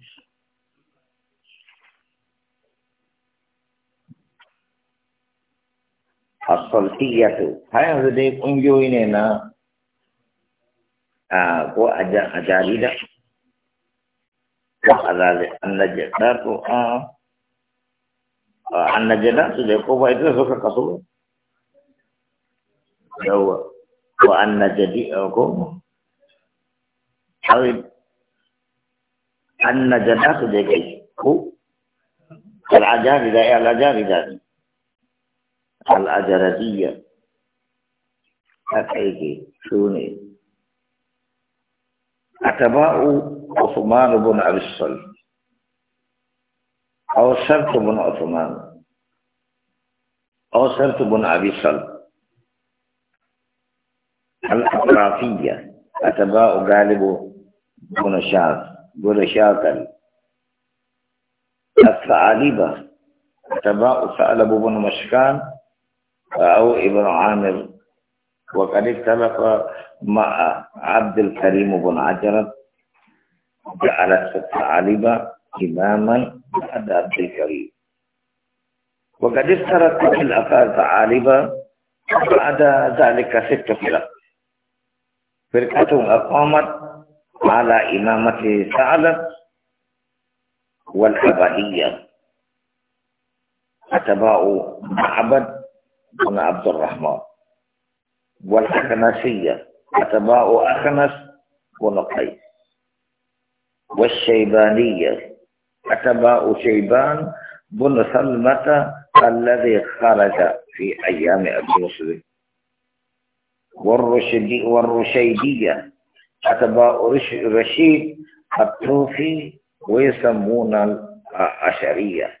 musulunci asaltiyatu har yanzu dai ƙungiyoyi ne na ko a jarida ko a zaɓe annajadatu a annajadatu dai ko ba ita suka kaso yawa ko ko أن جناس دقي هو العجاردة العجاردة الأجردية أكيد شوني أتباع عثمان بن أبي الصل أو سرت بن عثمان أو سرت بن أبي الصل الأطرافية أتباع غالب بن شاذ بن الثعالبة تباء ثعلب بن مشكان أو ابن عامر وقد اختلف مع عبد الكريم بن عجرة جعلت الثعالبة إماما بعد عبد الكريم وقد افترت الأفاق الثعالبة بعد ذلك ست فرق فرقة أقامت على إمامة ثعلب والأبدية أتباع معبد بن عبد الرحمن والأخنسية أتباع أخنس بن قيس والشيبانية أتباع شيبان بن سلمة الذي خرج في أيام أبي مسلم والرشدي والرشيدية أتباع رشيد الطوفي ويسمون العشرية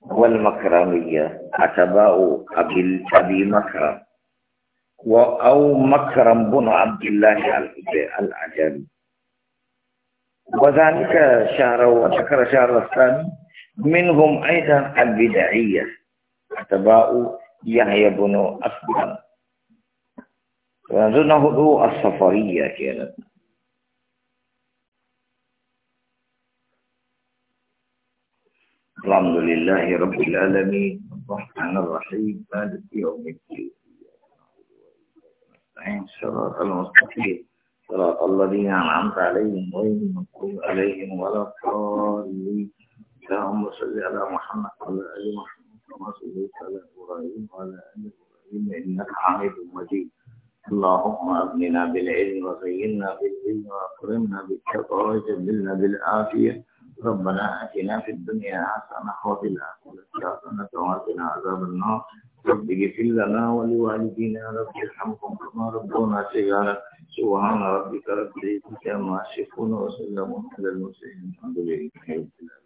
والمكرمية أتباع أبي, أبي مكرم أو مكرم بن عبد الله العجمي وذلك شهر وذكر شهر الثاني منهم أيضا البدعية أتباع يحيى بن أسلم yanzu هدوء السفرية a الحمد لله رب العالمين الرحمن الرحيم مالك يوم الدين صراط المستقيم صراط الذين أنعمت عليهم غير المغضوب عليهم ولا الضالين اللهم صل على محمد وعلى آل محمد كما صليت على إبراهيم وعلى آل إبراهيم إنك حميد مجيد اللهم أغننا بالعلم وزينا بالعلم وأكرمنا بالتقوى وجبلنا بالعافية ربنا آتنا في الدنيا حسنة وفي الآخرة حسنة واتنا عذاب النار رب اغفر لنا ولوالدينا رب ارحمهم كما ربونا صغارا سبحان ربك رب العزة عما يصفون وسلم على المرسلين الحمد لله رب العالمين